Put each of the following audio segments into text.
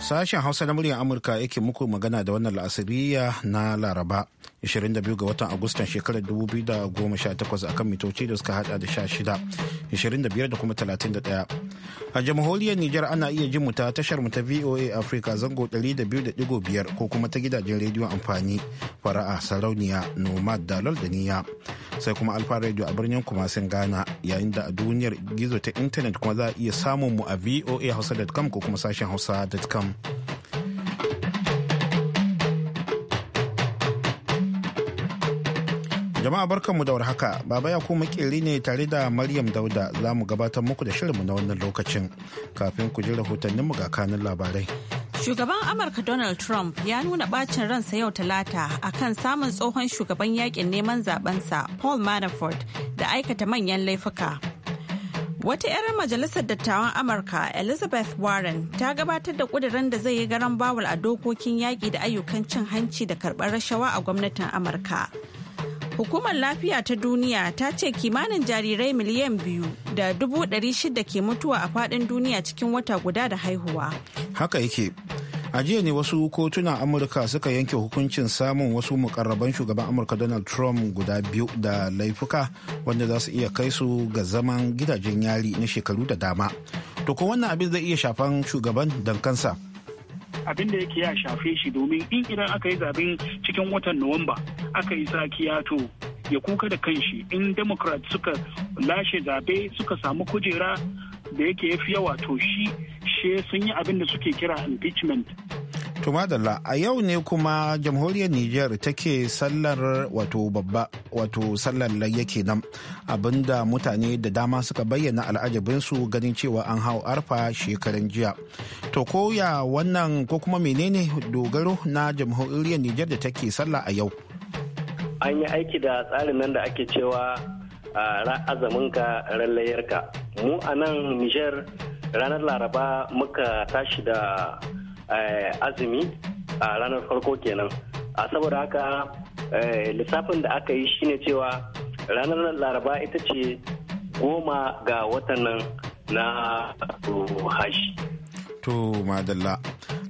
Sashen Hausa na muryar Amurka yake muku magana da wannan la'asiriya na Laraba 22 ga watan agustan shekarar 2018 akan mitoci da suka hada da 16 25 da kuma 31 a jamhuriyar nijar ana iya jin mu ta tashar mu ta voa africa zango 200.5 ko kuma ta gidajen rediyon amfani fara'a sarauniya nomad dalol da niya sai kuma alfa radio a birnin kumasin ghana yayin da a duniyar gizo ta intanet kuma za a iya samun mu a voa hausa.com ko kuma sashen hausa.com Jama'a barkanmu da warhaka, Baba Yakubu makeri ne tare da Maryam Dauda za mu gabatar muku da shirinmu na wannan lokacin kafin ku ji rahotanninmu ga kanin labarai. Shugaban Amurka Donald Trump ya nuna bacin ransa yau talata a kan samun tsohon shugaban yakin neman zabensa Paul Manafort da aikata manyan laifuka. Wata 'yar majalisar dattawan Amurka Elizabeth Warren ta gabatar da kudirin da zai yi garan bawul a dokokin yaƙi da ayyukan cin hanci da karɓar rashawa a gwamnatin Amurka. Hukumar lafiya ta duniya ta ce kimanin jarirai miliyan biyu da dubu ɗari shida ke mutuwa a faɗin duniya cikin wata guda da haihuwa. Haka yake. A jiya ne wasu kotunan Amurka suka yanke hukuncin samun wasu mukarraban shugaban Amurka Donald Trump guda biyu da laifuka wanda za su iya kai su ga zaman gidajen yari na shekaru da dama. To ko wannan abin zai iya shafan shugaban dankansa. kansa. abin da yake ya shafe shi domin in idan aka yi zaben cikin watan nuwamba aka yi sakiya to ya kuka da kanshi in democrat suka lashe zabe suka samu kujera da yake ya fi yawa to shi she sun yi abin da suke kira impeachment To madalla a yau ne kuma jamhuriyar Nijar take sallar wato babba wato sallar layya kenan abinda mutane da dama suka bayyana al'ajabinsu ganin cewa an hau arfa shekaran jiya. To koya wannan ko kuma menene dogaro na jamhuriyar Nijar da take sallah a yau? An yi aiki da tsarin nan da ake cewa ka ran layarka. Mu a nan Nijar ranar Laraba muka tashi da Eh, azumi a ranar farko kenan a saboda haka eh, lissafin da aka yi shine cewa ranar laraba ita ce goma ga watan nan na hashi to madalla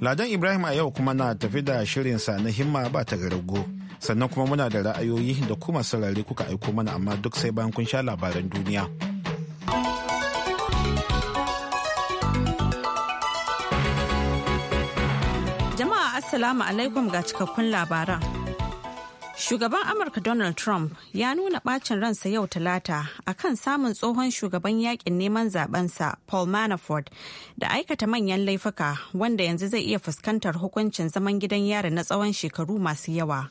ladan ibrahim a yau kuma na tafi da shirinsa na himma ba ta garago sannan kuma muna da ra'ayoyi da kuma sarari kuka aiko mana amma duk sai bayan kun sha labaran duniya. Assalamu alaikum ga cikakkun labaran. Shugaban Amurka Donald Trump ya nuna bacin ransa yau talata a kan samun tsohon shugaban yakin neman zabensa Paul Manafort da aikata manyan laifuka wanda yanzu zai iya fuskantar hukuncin zaman gidan yari na tsawon shekaru masu yawa.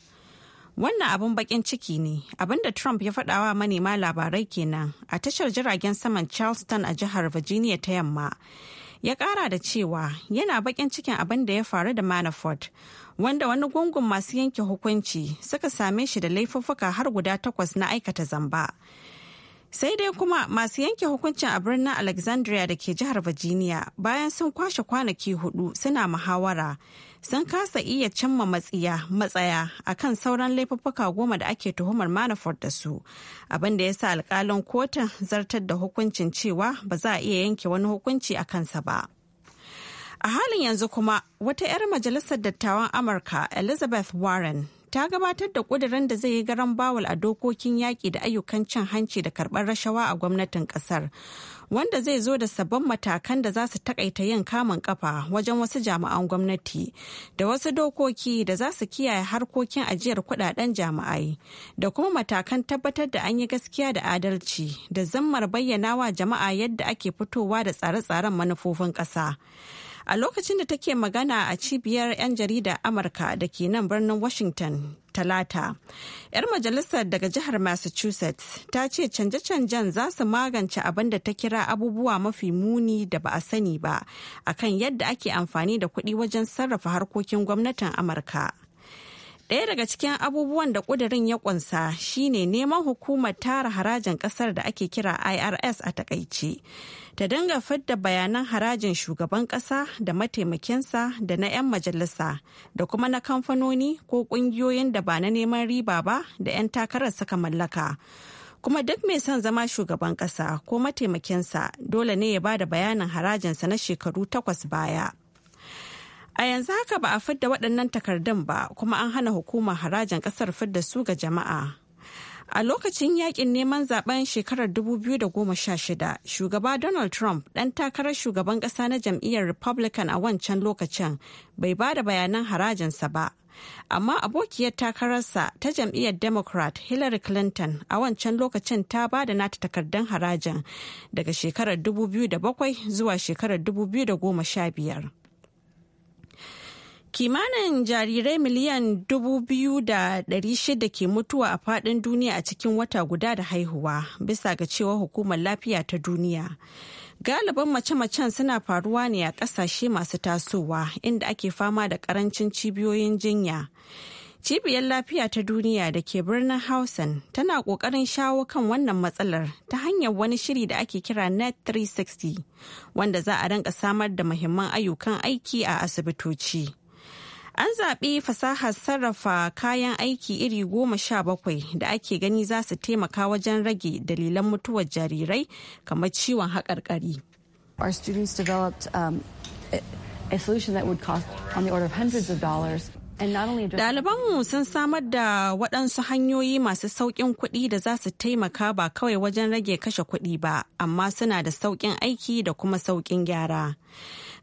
Wannan abin bakin ciki ne abinda Trump ya faɗawa manema labarai kenan a tashar jiragen saman Charleston a jihar Virginia ta yamma. ya kara da cewa yana bakin cikin abin da ya faru da manafort wanda wani gungun masu yanke hukunci suka same shi da laifuffuka har guda takwas na aikata zamba sai dai kuma masu yanke hukuncin a birnin alexandria da ke jihar virginia bayan sun kwashe kwanaki hudu suna muhawara sun kasa iya cimma matsaya matsaya akan sauran laifuffuka goma da ake tuhumar manafort da su abin da ya sa alkalin kotun zartar da hukuncin cewa ba za a iya yanke wani hukunci a kansa ba a halin yanzu kuma wata 'yar majalisar dattawan amurka elizabeth warren ta gabatar da kudirin da zai yi garan bawal a dokokin yaƙi da ayyukan cin hanci da karɓar rashawa a gwamnatin ƙasar wanda zai zo da sabbin matakan da za su takaita yin kamun kafa wajen wasu jami'an gwamnati da wasu dokoki da za su kiyaye harkokin ajiyar kudaden jami'ai da kuma matakan tabbatar da an yi gaskiya da adalci da zammar bayyana wa jama'a yadda ake fitowa da tsare-tsaren manufofin ƙasa. A lokacin da take magana a cibiyar 'yan jarida Amurka da ke nan birnin Washington talata. 'Yar majalisar daga jihar Massachusetts ta ce canje-canjen za su magance abin da ta kira abubuwa mafi muni da ba a sani ba akan yadda ake amfani da kuɗi wajen sarrafa harkokin gwamnatin Amurka. Ɗaya daga cikin abubuwan da ƙudurin ya ƙunsa shine neman hukumar tara harajin ƙasar da ake kira IRS a takaice. Ta dinga fidda bayanan harajin shugaban ƙasa da mataimakinsa da na 'yan majalisa da kuma na kamfanoni ko ƙungiyoyin da ba na neman riba ba da 'yan takarar suka mallaka. Kuma duk mai son zama shugaban ƙasa ko mataimakinsa dole ne ya ba da bayanin harajinsa na shekaru takwas baya. A yanzu haka ba a fidda waɗannan takardun ba kuma an hana hukumar harajin ƙasar fidda su ga jama'a. A lokacin yakin neman zaben shekarar 2016, shugaba Donald Trump, ɗan takarar shugaban ƙasa na jam'iyyar Republican a wancan lokacin, bai ba da bayanan harajinsa ba. Amma abokiyar takararsa ta jam'iyyar Democrat Hillary Clinton a wancan lokacin ta ba da nata takardun harajin daga shekarar 2007 zuwa shekarar 2015. Kimanin jarirai miliyan dubu biyu da ɗari shida ke mutuwa a faɗin duniya a cikin wata guda da haihuwa bisa ga cewa hukumar lafiya ta duniya. Galibin mace-macen suna faruwa ne a ƙasashe masu tasowa inda ake fama da ƙarancin cibiyoyin jinya. Cibiyar lafiya ta duniya da ke birnin Hausan tana ƙoƙarin shawo kan wannan matsalar ta hanyar wani shiri da ake kira Net 360 wanda za a rinka samar da muhimman ayyukan aiki a asibitoci. An zaɓi fasahar sarrafa kayan aiki iri goma sha bakwai da ake gani za su taimaka wajen rage dalilan mutuwar jarirai kamar ciwon haƙarƙari. Our students Ɗalibanmu sun samar da waɗansu hanyoyi masu sauƙin kuɗi da za su taimaka ba kawai wajen rage kashe kuɗi ba, amma suna da sauƙin aiki da kuma sauƙin gyara.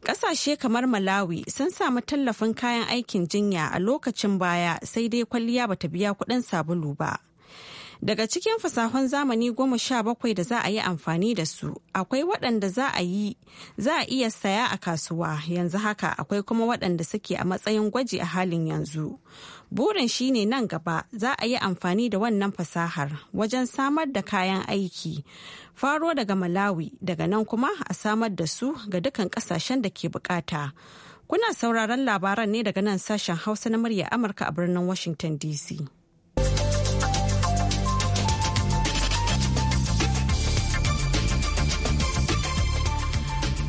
Ƙasashe kamar Malawi sun samu tallafin kayan aikin jinya a lokacin baya sai dai kwalliya bata biya kuɗin sabulu ba. Daga cikin fasahon zamani goma sha bakwai da za a yi amfani da su, akwai waɗanda za a yi za a iya saya a kasuwa yanzu haka akwai kuma waɗanda suke a matsayin gwaji a halin yanzu. Burin shi ne nan gaba za a yi amfani da wannan fasahar wajen samar da kayan aiki. Faro daga Malawi daga nan kuma a samar da su ga dukan ƙasashen da ke bukata. Kuna sauraron labaran ne daga nan sashen Hausa na murya Amurka a birnin Washington DC.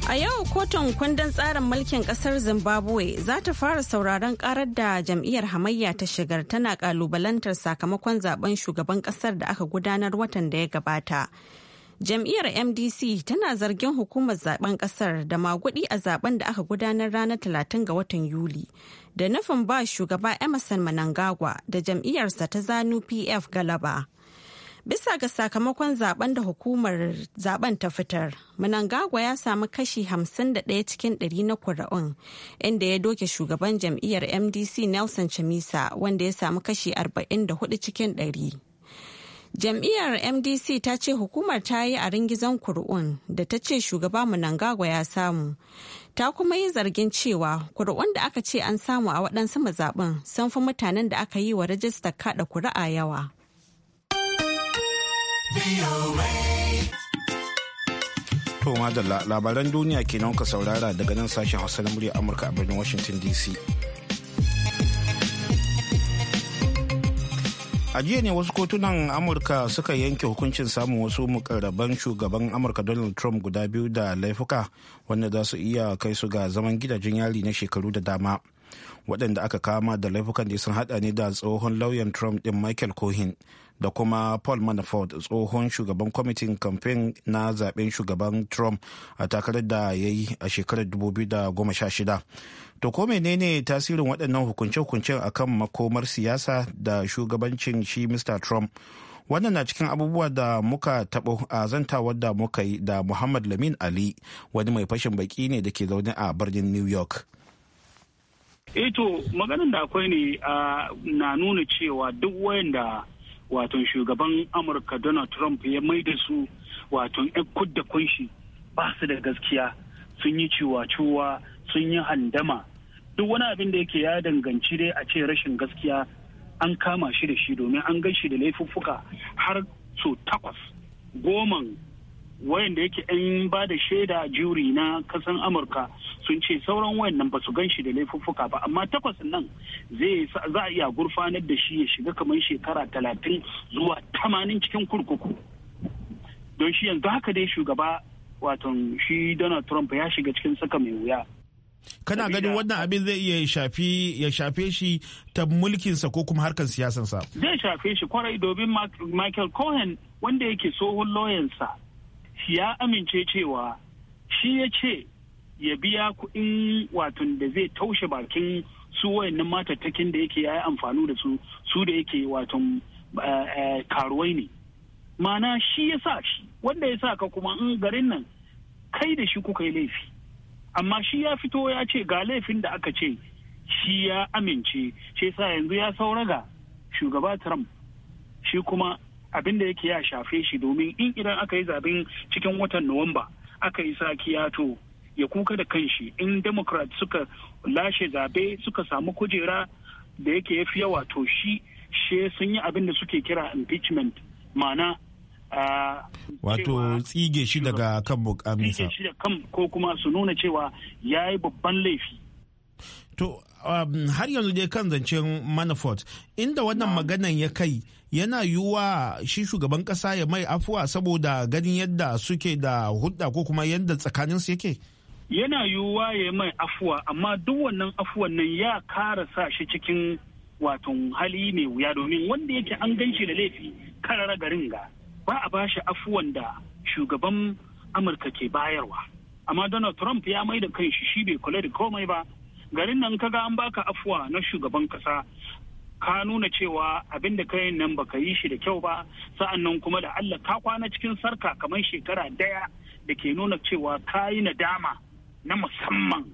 A yau kotun kundin tsarin mulkin kasar Zimbabwe za ta fara sauraron karar da jam'iyyar hamayya ta shigar tana kalubalantar sakamakon zaben shugaban kasar da aka gudanar watan da ya gabata. Jam'iyyar MDC tana zargin hukumar zaben kasar da magudi a zaben da aka gudanar ranar talatin ga watan Yuli da nufin ba shugaba Emerson Manangagwa da jam'iyyarsa ta Zanu PF galaba. Bisa ga sakamakon zaben da hukumar zaben ta fitar, Munangagwa ya samu kashi 51 cikin 100 na kuri'un, inda ya doke shugaban jam'iyyar MDC Nelson Chamisa wanda ya samu kashi 44 cikin 100. Jam'iyyar MDC ta ce hukumar ta yi a ringizan kuri'un da ta ce shugaba Munangagwa ya samu. Ta kuma yi zargin cewa ƙuri'un da aka ce an samu a waɗansu mazaɓin sun fi mutanen da aka yi wa rajistar kaɗa kuri'a yawa. To madalla labaran duniya kenan ka saurara daga nan sashen Hausa na murya Amurka a birnin Washington DC. a jiya ne wasu kotunan amurka suka yanke hukuncin samun wasu mukarraban shugaban amurka donald trump guda biyu da laifuka wanda za su iya kai su ga zaman gidajen yari na shekaru da dama waɗanda aka kama da laifukan da sun hada ne da tsohon lauyan trump ɗin michael cohen da kuma paul manafort tsohon shugaban kwamitin kamfen na zaben shugaban trump a takarar da ya yi a shekarar 2016 to ko menene tasirin waɗannan hukunce-hukuncen akan makomar siyasa da shugabancin shi mr trump wannan na cikin abubuwa da muka taɓo a zantawar da muka yi da muhammad lamin ali wani mai fashin baki ne da ke zaune a birnin new york eto eh maganin da akwai ne ah, na nuna cewa duk wayanda wato shugaban amurka donald trump ya maida su wato 'yan kudda kunshi ba su da gaskiya sun yi ciwa-ciwa sun yi handama duk wani abin da yake ya danganci dai a ce rashin gaskiya an kama shi da shi domin an gan shi da laifuffuka har so takwas goman wayanda yake an ba da shaida juri na kasan amurka sun ce sauran wayannan ba su gan shi da laifuffuka ba amma takwas nan za a iya gurfanar da shi ya shiga kamar shekara talatin zuwa tamanin cikin kurkuku don shi yanzu haka dai shugaba waton shi donald trump ya shiga cikin saka mai wuya kana ganin wannan abin zai iya shafi ya shafe shi ta mulkinsa ko kuma harkar siyasansa zai shafe shi kwarai domin michael cohen wanda yake tsohon sa. ya amince cewa shi ya ce ya biya kuɗin watan da zai taushe bakin su wayannan matattakin da yake ya yi amfani da su su da yake watan eh, eh, karuwai ne mana shi ya sa shi wanda ya sa ka kuma in garin nan kai da shi kuka yi laifi amma shi ya fito ya ce ga laifin da aka ce shi ya amince shi sa yanzu ya sauraga shugaba trump shi kuma abin da yake ya shafe shi domin in idan aka yi zaben cikin watan nuwamba aka yi sakiya to ya kuka da kanshi in democrat suka lashe zabe suka samu kujera da yake ya fi yawa to shi she sun yi abin da suke kira impeachment mana wato tsige shi daga kan bukamisa tsige shi da kan ko kuma su nuna cewa ya yi babban laifi To Um, har yanzu dai kan zancen manafort inda wannan maganan ya kai yana yiwuwa shi shugaban kasa ya mai afuwa saboda ganin yadda suke da hudda ko kuma yadda tsakanin su yake yana yiwuwa ya mai afuwa amma duk wannan afuwan nan ya kara sa shi cikin waton hali mai wuya domin wanda yake an gan da laifi karara garin ga ba a bashi afuwan da shugaban amurka ke bayarwa amma donald trump ya mai da kanshi shi bai kula da komai ba garin nan kaga an baka afuwa na shugaban kasa ka nuna cewa abin da kayan nan baka yi shi da kyau ba sa'an nan kuma da Allah ka kwana cikin sarka kamar shekara daya da ke nuna cewa ka yi nadama na musamman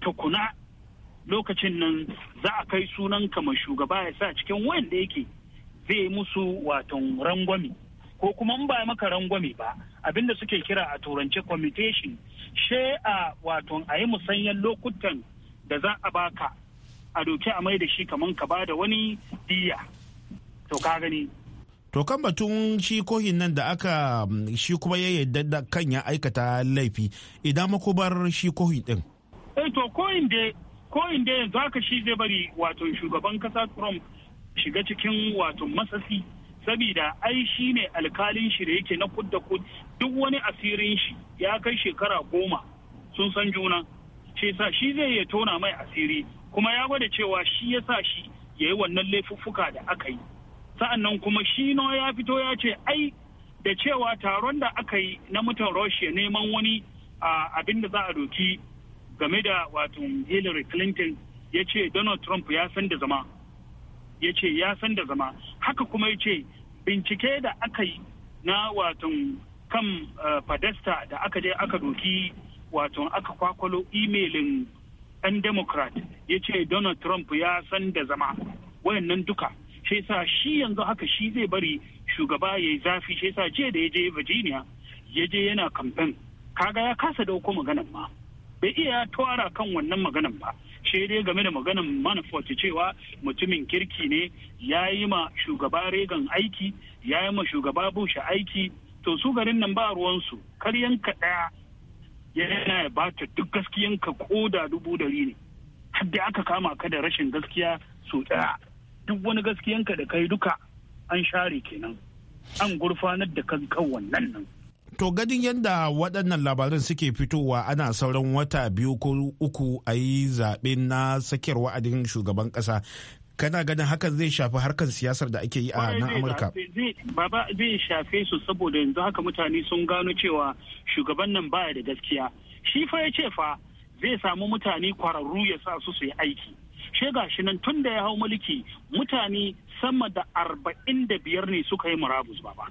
tukuna lokacin nan za a kai sunan kamar shugaba ya sa cikin wanda yake zai musu watan rangwami ko kuma in ba maka rangwame ba abinda suke kira a turance commutation she a wato a yi musanyen lokutan da za a baka a doke a mai da shi kamar ka ba da wani diya to ka gani to kan batun shi kohin nan da aka shi kuma ya yadda da kan ya aikata laifi idan makubar shi kohin din eh to kohin da kohin da yanzu aka shi zai bari wato shugaban kasa Trump shiga cikin wato masasi saboda ai shi ne alkalin shi da yake na kudda kud duk wani asirin shi ya kai shekara goma sun san juna ce sa shi zai ya tona mai asiri kuma ya gwada cewa shi ya sa shi ya yi wannan laifuffuka da aka yi sa'annan kuma shi no ya fito ya ce ai da cewa taron da aka yi na mutan russia neman wani abin da za a doki game da wato hillary clinton ya ce donald trump ya san da zama ya ce ya san da zama haka kuma ya ce bincike da aka yi na watan kan eh, fadasta da aka je aka doki wato aka kwakwalo imelin ɗan democrat ya ce donald trump ya san da zama wayannan duka shi sa shi yanzu haka shi zai bari shugaba ya yi zafi shi sa je da ya je virginia ya je yana kamfen kaga ya kasa dauko maganan ma bai iya ya tawara kan wannan maganan ba She dai game da maganan manafort cewa mutumin kirki ne ya yi ma shugaba regan aiki ya yi ma shugaba bush aiki to su garin nan ba ruwansu karyanka ɗaya yana ya bata duk gaskiyanka ko da dubu dari ne har aka kama ka da rashin gaskiya su ɗaya duk wani gaskiyanka da kai duka an share kenan an gurfanar da kan kan wannan nan To ganin yadda waɗannan labaran suke fitowa ana sauran wata biyu ko uku a yi zaɓe na sakiyar wa'adin shugaban ƙasa. Kana ganin hakan zai shafi harkar siyasar da ake yi a nan Amurka? Baba zai shafe su saboda yanzu haka mutane sun gano cewa shugaban nan baya da gaskiya. Shi fa ya ce fa zai samu mutane kwararru ya sa su su yi aiki. She gashi nan tun da ya hau mulki mutane sama da arba'in da biyar ne suka yi murabus baba.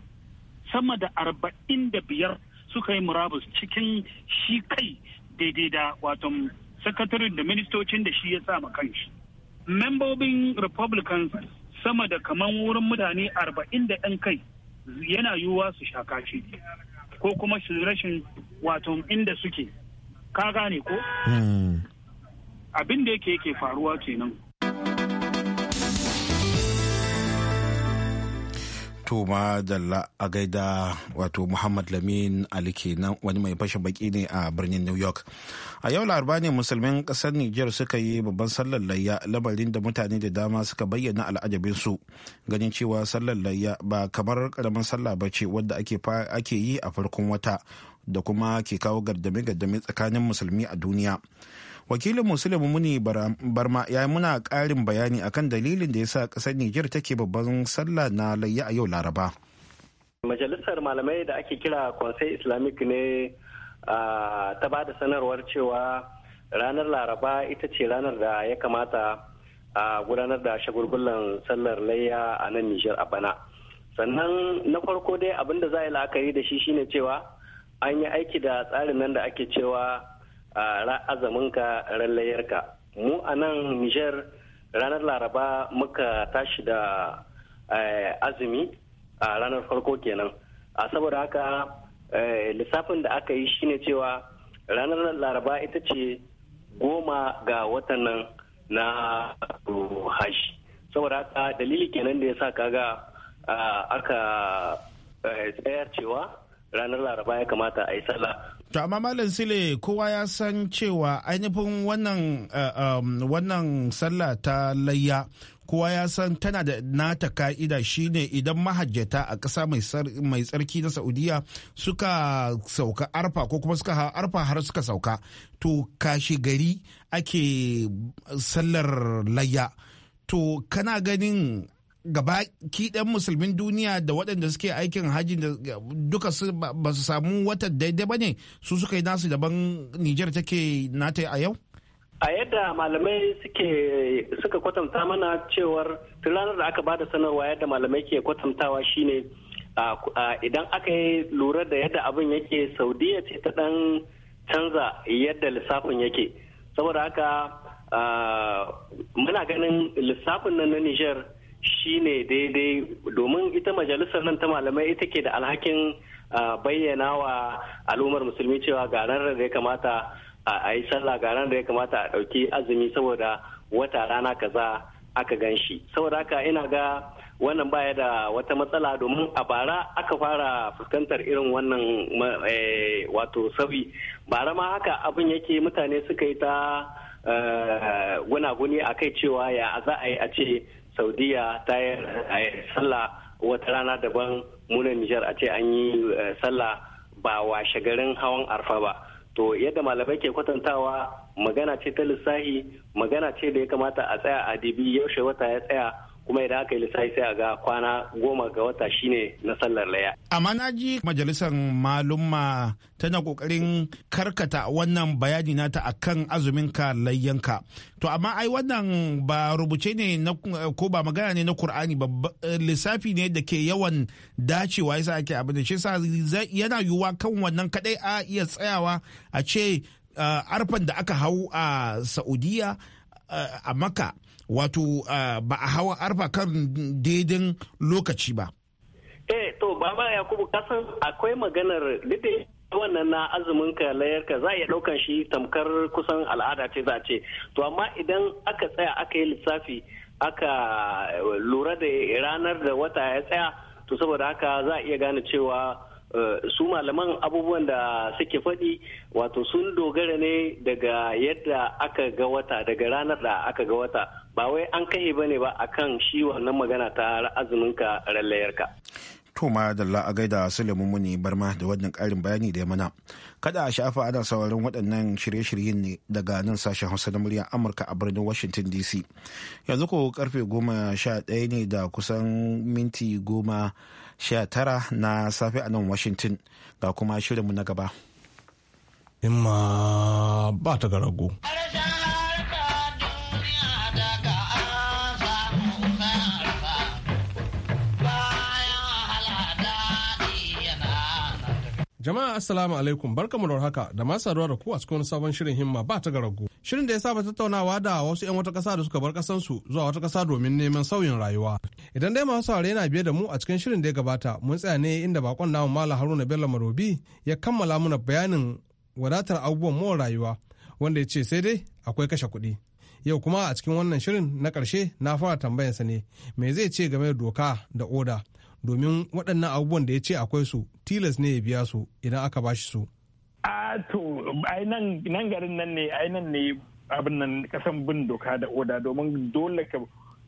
sama da arba'in da biyar suka yi murabus cikin shi kai daidai da wato sakatarin da ministocin da shi ya sa ma kanshi membobin republicans sama da kaman wurin mutane arba'in da ɗan kai yana yiwuwa su shaka shi ko kuma su rashin wato inda suke ka gane ko hmm. abin da yake yake faruwa kenan wato ma da a gaida wato muhammad lamin ali kenan wani mai fashe baki ne a birnin new york a yau laraba ne musulmin kasar niger suka yi babban sallar layya lamarin da mutane da dama suka bayyana su ganin cewa sallar layya ba kamar karamin sallah ba ce wadda ake yi a farkon wata da kuma ke kawo gardame-gardame tsakanin musulmi a duniya wakilin musulmi muni barma ya yi muna karin bayani akan dalilin da ya sa ƙasar niger take babban sallah na layya a yau laraba majalisar malamai da ake kira kwansai islamic ne ta ba da sanarwar cewa ranar laraba ita ce ranar da ya kamata a gudanar da shagulgulan sallar layya a nan nijar a bana sannan na farko dai abin da za a yi la'akari da shi shine cewa an yi aiki da tsarin nan da ake cewa a azaminka ran mu a nan niger ranar laraba muka tashi da azumi a ranar farko kenan a saboda haka lissafin da aka yi shine cewa ranar laraba ita ce goma ga watan nan na hashi saboda haka dalili kenan da ya sa kaga aka tsayar cewa ranar laraba ya kamata a yi sallah To amma Malam Sile kowa ya san cewa ainihin wannan eh, um, wannan sallah ta layya kowa ya san tana da nata ka'ida shine idan mahajjata a ƙasa mai tsarki na Saudiya suka sauka arfa ko kuma suka arfa har suka sauka to kashi gari ake sallar layya. To kana ganin gaba kiɗan musulmin duniya da waɗanda suke aikin hajji da duka ba su samu wata daidai ba ne su suka yi nasu daban Nijar take nata a yau? A yadda malamai suke suka kwatanta mana cewar ranar da aka ba da sanarwa yadda malamai ke kwatantawa shine idan aka yi lura da yadda abin yake saudiya ce ta dan canza yadda lissafin yake saboda haka muna ganin lissafin nan na Nijar Shi ne daidai domin ita majalisar nan ta malamai ita ke da alhakin bayyana wa al'ummar musulmi cewa ga da ya kamata a yi sallah garan da ya kamata a ɗauki azumi saboda wata rana kaza aka gan shi saboda haka ina ga wannan baya da wata matsala domin a bara aka fara fuskantar irin wannan e, wato sauyi bara ma haka abin yake mutane suka yi ta e, gunaguni a kai cewa ya za a yi a ce saudiya ta yi sallah wata rana daban muna nijar a ce an yi eh, sallah ba washe garin hawan arfa ba to yadda malamai ke kwatantawa magana ce ta lissahi magana ce da ya kamata a tsaya a dibi yaushe wata ya tsaya kuma idan aka yi lissafi sai a ga kwana goma ga wata shine na sallar laya. Amma na ji majalisar malumma tana kokarin karkata wannan bayani nata akan azumin ka layyanka. To amma ai wannan ba rubuce ne ko ba magana ne na Kur'ani ba lissafi ne da ke yawan dacewa yasa ake abin da shi sa yana yiwuwa kan wannan kadai a iya tsayawa a ce arfan da aka hau a Saudiya a Makka wato ba a hawa arfa kan daidin lokaci ba eh to baba yakubu kasan akwai maganar dide wannan na azumin ka layarka za a iya ɗaukan shi tamkar kusan al'ada ce za ce to amma idan aka tsaya aka yi lissafi aka eh, lura da ranar da wata ya tsaya to saboda haka za a iya gane cewa Eh, su malaman abubuwan da suke faɗi wato sun dogara ne daga yadda aka ga wata daga ranar da aka ga wata ba wai an kai ba ne ba a kan shi wannan magana ta azuminka rallayarka. To ma dalla a gaida Suleiman Muni Barma da wannan karin bayani da ya mana. Kada a shafa ana sauraron waɗannan shirye-shiryen ne daga nan sashen Hausa na muryar Amurka a birnin Washington DC. Yanzu ko karfe goma sha ɗaya ne da kusan minti goma 19 na safe a nan washington ga kuma shirinmu na gaba imma ba ta garago jama'a assalamu alaikum barkamu da haka da masu da ku a cikin sabon shirin himma ba ta garago Shirin da ya saba tattaunawa da wasu 'yan wata ƙasa da suka bar ƙasansu zuwa wata ƙasa domin neman sauyin rayuwa. Idan dai masu saurare yana biye da mu a cikin shirin da ya gabata mun tsaya ne inda bakon namu Malam Haruna Bello Marobi ya kammala mana bayanin wadatar abubuwan more rayuwa wanda ya ce sai dai akwai kashe kuɗi. Yau kuma a cikin wannan shirin na ƙarshe na fara tambayarsa ne me zai ce game da doka da oda domin waɗannan abubuwan da ya ce akwai su tilas ne ya biya su idan aka bashi su. a to ai nan garin nan ne ai nan ne abin nan kasan bin doka da oda domin dole ka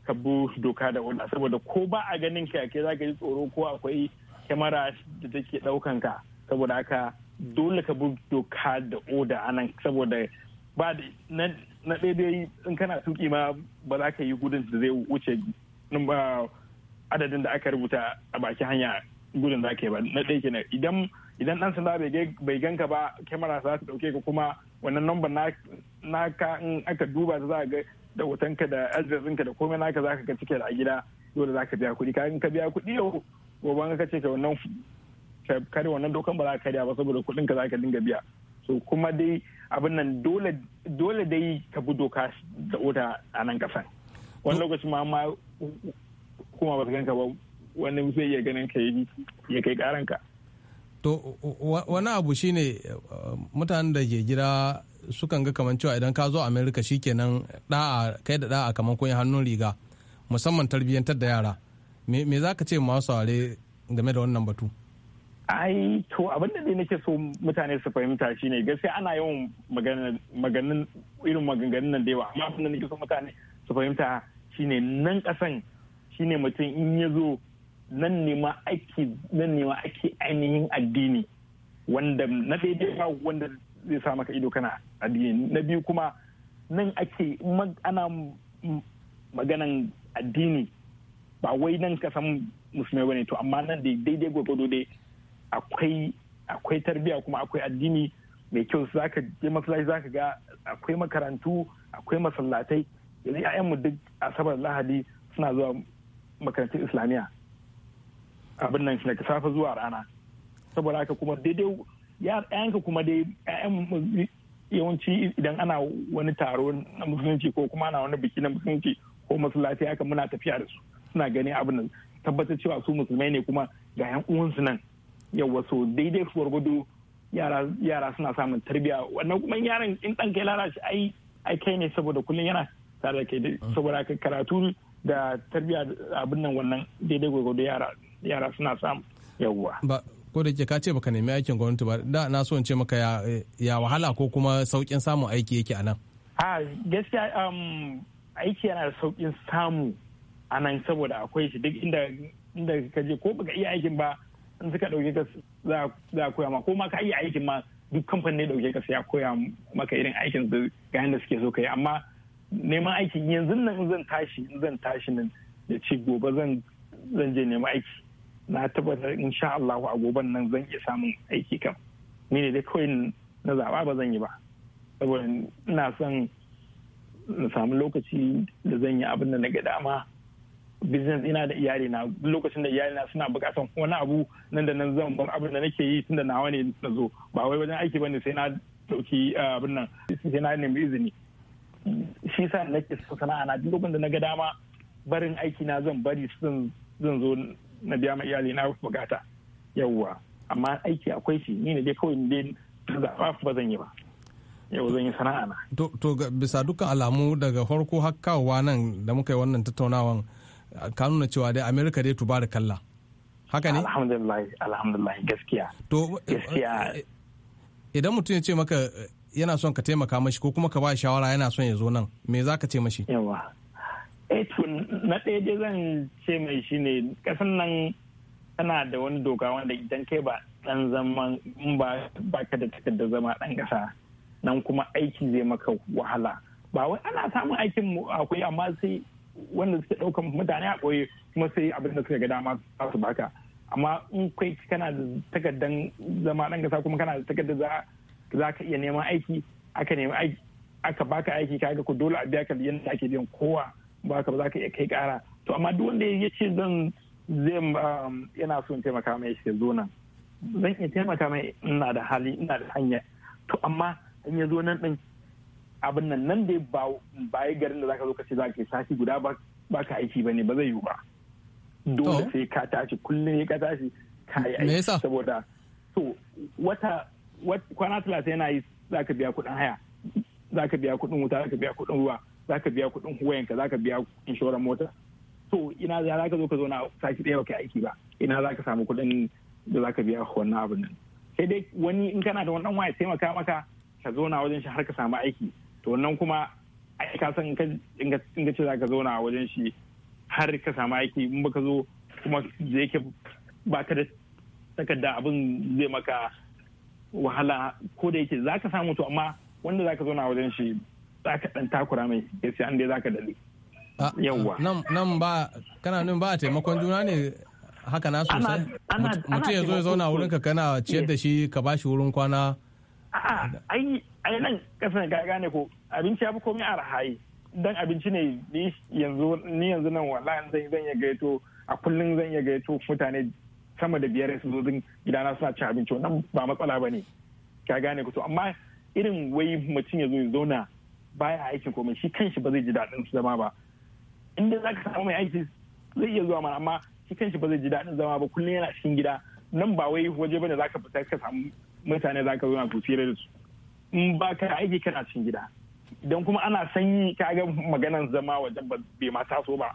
ka bu doka da oda saboda ko ba a ganin ka ke zaka ji tsoro ko akwai kyamara da take daukan ka saboda haka dole ka bu doka da oda anan saboda ba na daidai in kana tuki ma ba za ka yi gudun da zai wuce adadin da aka rubuta a baki hanya gudun da aka ba na ɗaya idan idan dan sanda bai ganka ba kyamara za ta dauke ka kuma wannan number na ka in aka duba ta za ga da hotonka da address ka da komai naka za ka ga cike a gida dole za ka biya kuɗi ka in ka biya kuɗi yau gobe ka ce ka wannan kare wannan dokan ba za ka karya ba saboda kuɗin ka za ka dinga biya so kuma dai abin nan dole dai ka bi doka da wuta a nan kasan wani lokaci ma ma kuma ba ganka ba wani zai iya ganin ka ya kai karanka to wani abu shine uh, mutanen da ke gida sukan ga kamar cewa idan ka zo shi shikenan da'a kai da da'a kamar kun hannun riga musamman tarbiyyantar da yara me za ka ce masu saurare game da wannan batu ai to abin da nake so mutane su fahimta shine gaskiya ana yawan maganin irin maganganun nan da yawa amma abin da nake so mutane su fahimta shine nan kasan shine mutum in ya zo nan ne ma ake nan ne ma ake ainihin addini wanda na daidai ba wanda zai sa maka ido kana addini na biyu kuma nan ake ana maganan addini ba wai nan ka san musulmai bane to amma nan da daidai gwagwado dai akwai akwai tarbiyya kuma akwai addini mai kyau zaka je masallaci ka ga akwai makarantu akwai masallatai yanzu 'ya'yanmu duk asabar lahadi suna zuwa makarantar islamiyya abin nan daga safe zuwa rana saboda haka kuma daidai ɗayanka kuma dai yayan yawanci idan ana wani taro na musulunci ko kuma ana wani biki na musulunci ko masallaci haka muna tafiya da su suna gani abin nan tabbatar cewa su musulmai ne kuma ga yan uwansu nan yawa so daidai su gudu yara yara suna samun tarbiyya wannan kuma yaran in dan kai lalace ai ai kai ne saboda kullum yana tare da kai mm. saboda karatu da tarbiyya abin nan wannan daidai gwargwado yara yara suna samu yawwa ba ko da ke ka ce baka nemi aikin gwamnati ba da na so in ce maka ya, ya wahala ko kuma saukin samun aiki yake a nan a gaskiya um, aiki yana da saukin samu a nan saboda akwai shi duk inda inda ka je ko baka iya aikin ba in suka dauke ka za a koya ma ko ma ka iya aikin ma duk kamfanin ne dauke ka ya koya maka irin aikin da ga yanda suke so ka yi amma neman aikin yanzu nan zan tashi zan tashi nan da ci gobe zan zan je neman aiki na tabbatar insha Allah a goban nan zan iya samun aiki kam ni ne dai kawai na zaba ba zan yi ba saboda ina son na samu lokaci da zan yi abin da na ga dama business ina da iyali na lokacin da iyali na suna bukatan wani abu nan da nan zan bar abin da nake yi tunda na wani na zo ba wai wajen aiki bane sai na dauki eh, abin nan sai na nemi izini shi sa nake so sana'a na duk lokacin da na ga dama barin aiki na zan bari zan zo na biya ma iyali na bukata yawwa amma aiki akwai shi ni ne dai kawai dai zaɓa ba zan yi ba yau zan yi sana'a na. To bisa dukkan alamu daga farko har kawowa nan da muka yi wannan tattaunawan ka nuna cewa dai Amerika dai tubari kalla. Haka ne? Alhamdulillah, alhamdulillah gaskiya. To gaskiya. Idan mutum ya ce maka yana son ka taimaka mashi ko kuma ka ba shawara yana son ya zo nan me za ka ce mashi? Yawa. Eh, na ɗaya dai zan ce mai shi ne nan tana da wani doka wanda idan kai ba ɗan zaman in ba ka da takarda zama ɗan ƙasa nan kuma aiki zai maka wahala ba wai ana samun aikin akwai amma sai wanda suke ɗaukan mutane a ɓoye kuma sai abin da suka ga dama za su baka amma in kai kana da takardar zama ɗan ƙasa kuma kana da takardar za ka iya neman aiki aka nemi aiki aka baka aiki kaga ku dole a biya ka yadda ake biyan kowa ba ka ba za ka iya kai kara to amma duk wanda ya ce zan zai um, yana son taimaka mai shi zo nan zan iya taimaka mai ina da hali ina da hanya to amma in ya zo nan din abin nan nan dai ba ba garin da zaka zo ka ce zaka yi guda ba ka aiki bane ba zai yiwu ba dole sai ka tashi kullum ya ka tashi ka yi aiki saboda to wata kwana talatin yana yi zaka biya kuɗin haya zaka biya kuɗin wuta zaka biya kuɗin ruwa za ka biya kuɗin huwayenka za ka biya inshoran mota to ina za ka zo ka zauna sake ɗaya ka aiki ba ina za ka samu kuɗin da za ka biya wannan abin nan sai dai wani in kana da wannan waya taimaka maka ka zauna wajen shi har ka samu aiki to wannan kuma ai ka san in ka ce za ka zauna wajen shi har ka samu aiki in baka zo kuma ke ba ka da takarda abin zai maka wahala ko da yake za ka samu to amma wanda za ka zauna wajen shi za ka dan takura mai ya sai an dai za ka dade yawwa nan ba kana nun ba taimakon juna ne haka na sosai mutum ya zo ya zauna wurin ka kana ciyar da shi ka ba shi wurin kwana ai ai nan kasan ga gane ko abinci ya fi komai a rahayi dan abinci ne ni yanzu ni yanzu nan wallahi zan zan ya gaito a kullun zan ya gaito mutane sama da biyar su zo din gidana suna cin abinci wannan ba matsala bane ka gane ku to amma irin wai mutum ya zo ya zauna baya aikin komai shi kanshi ba zai ji daɗin zama ba inda za ka samu mai aiki zai iya zuwa mana amma shi kanshi ba zai ji daɗin zama ba kullum yana cikin gida nan ba wai waje bane zaka fita ka samu mutane zaka zo na fira da su in ba ka aiki kana cikin gida idan kuma ana sanyi ka ga maganan zama wajen bai ma taso ba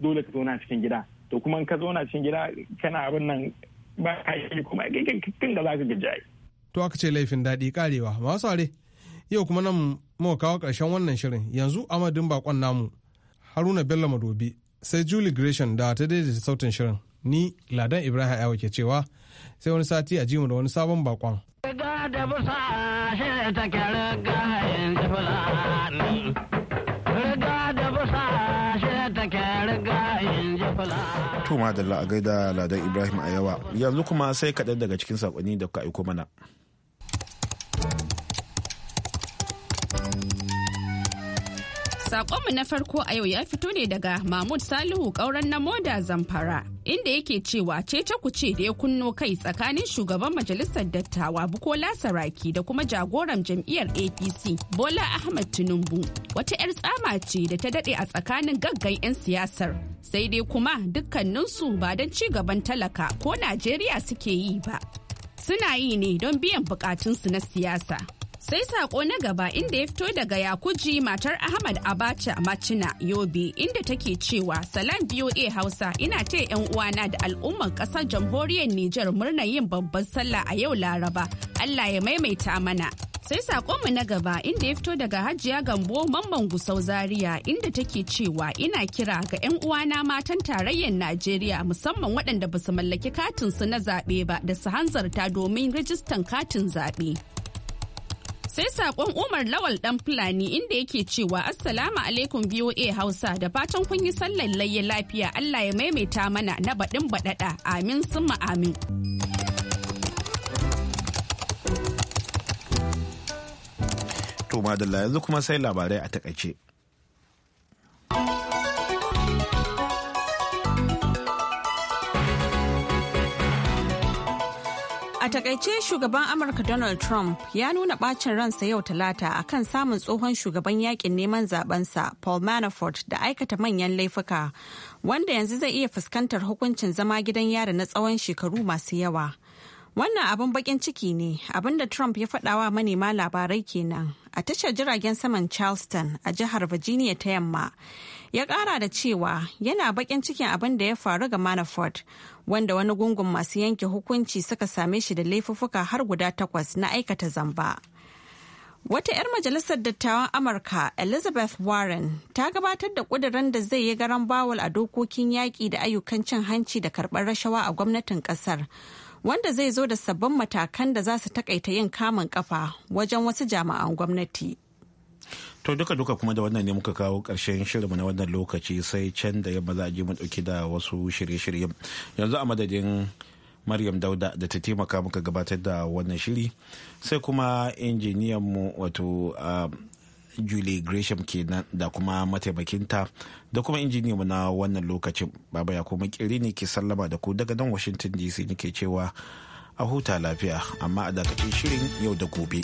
dole ka zauna cikin gida to kuma ka zauna cikin gida kana abin nan ba ka yi kuma kin da zaka gaji to aka ce laifin daɗi karewa ma are yau kuma nan muka kawo ƙarshen wannan shirin yanzu amadin bakon namu haruna bello madobi sai julie gresham da ta daidaita sautin shirin ni ladan ibrahim ayawa ke cewa sai wani sati a jimu da wani sabon bakon Riga da to madalla a gaida ladan ibrahim a yawa yanzu kuma sai kaɗan daga cikin sakonni da kuka aiko mana Sakonmu na farko a yau ya fito ne daga Mahmud Salihu kauran na moda zamfara inda yake cewa ce ku ce da ya kunno kai tsakanin shugaban majalisar dattawa Bukola Saraki da kuma jagoran jam'iyyar APC Bola Ahmad Tinubu. Wata 'yar tsama ce da ta daɗe a tsakanin gaggan 'yan siyasar. Sai dai kuma dukkaninsu ba don ci gaban talaka ko Najeriya suke yi ba. Suna yi ne don biyan bukatunsu na siyasa. sai sako na gaba inda ya fito daga yakuji matar ahmad abacha macina yobe inda take cewa salam voa hausa ina taya yan uwana da al'ummar kasar jamhuriyar niger murnar yin babban sallah a yau laraba allah ya maimaita mana sai mu na gaba inda ya fito daga hajiya gambo mamman gusau zaria inda take cewa ina kira ga 'yan uwana matan tarayyar najeriya musamman waɗanda ba su mallaki katin su na zaɓe ba da su hanzarta domin rijistan katin zaɓe Sai saƙon Umar Lawal ɗan Fulani inda yake cewa Assalamu alaikum boa Hausa da fatan kun yi sallar layya lafiya Allah ya maimaita mana na baɗin baɗaɗa amin summa amin. To madalla yanzu kuma sai labarai a takaice. takaice shugaban Amurka Donald Trump ya nuna bacin ransa yau talata akan samun tsohon shugaban yakin neman zabensa Paul Manafort da aikata manyan laifuka wanda yanzu zai iya fuskantar hukuncin zama gidan yari na tsawon shekaru masu yawa. Wannan abin bakin ciki ne abinda Trump ya faɗawa manema labarai kenan a tashar jiragen saman Charleston a jihar Virginia ta yamma. Ya ƙara da cewa yana bakin cikin abin da ya faru ga Manafort wanda wani gungun masu yanke hukunci suka same shi da laifuffuka har guda takwas na aikata zamba. Wata 'yar majalisar dattawan Amurka Elizabeth Warren ta gabatar da ƙuduran da zai yi garan bawal a dokokin yaƙi da ayyukan cin hanci da karɓar rashawa a gwamnatin ƙasar, wanda zai zo da sabbin matakan da za su takaita yin kamun ƙafa wajen wasu jami'an gwamnati. To duka duka kuma da wannan ne muka kawo ƙarshen shirinmu na wannan lokaci sai can da yamma za a je mu ɗauki da wasu shirye-shiryen. Yanzu a madadin Maryam Dauda da ta taimaka muka gabatar da wannan shiri sai kuma injiniyan mu wato Julie Gresham kenan da kuma mataimakinta da kuma mu na wannan lokacin baba ya kuma kiri ne ke sallama da ku daga nan Washington DC nake cewa a huta lafiya amma a dakatun shirin yau da gobe.